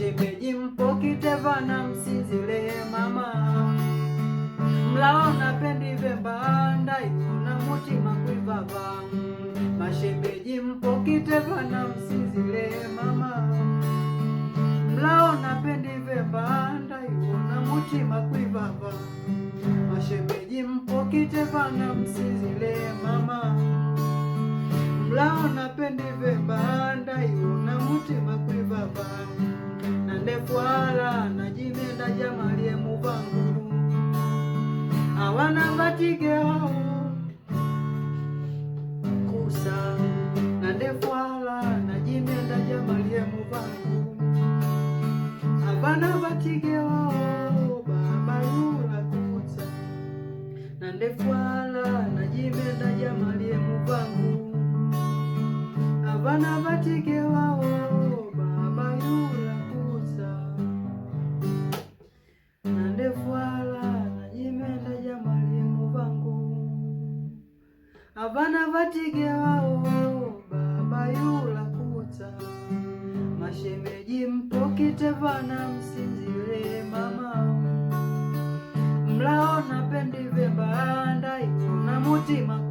Shemeji mpo Kitevana, msinzile mama, vemba ndaikuna mutima kwivava. Mashemeji mpo msinzile mama, vemba ndaikuna mutima kwivava. Mashemeji mpo msinzile mama bana batigao kusa na ndefuala na jimenda jamalie muvangu abana batigao babayula kusa na ndefuala na jimenda jamalie muvangu abana batigao vana vatigewao baba yula kuta mashemeji mpokite vana msinzire mama mlaona napendi mbanda ikuna mutima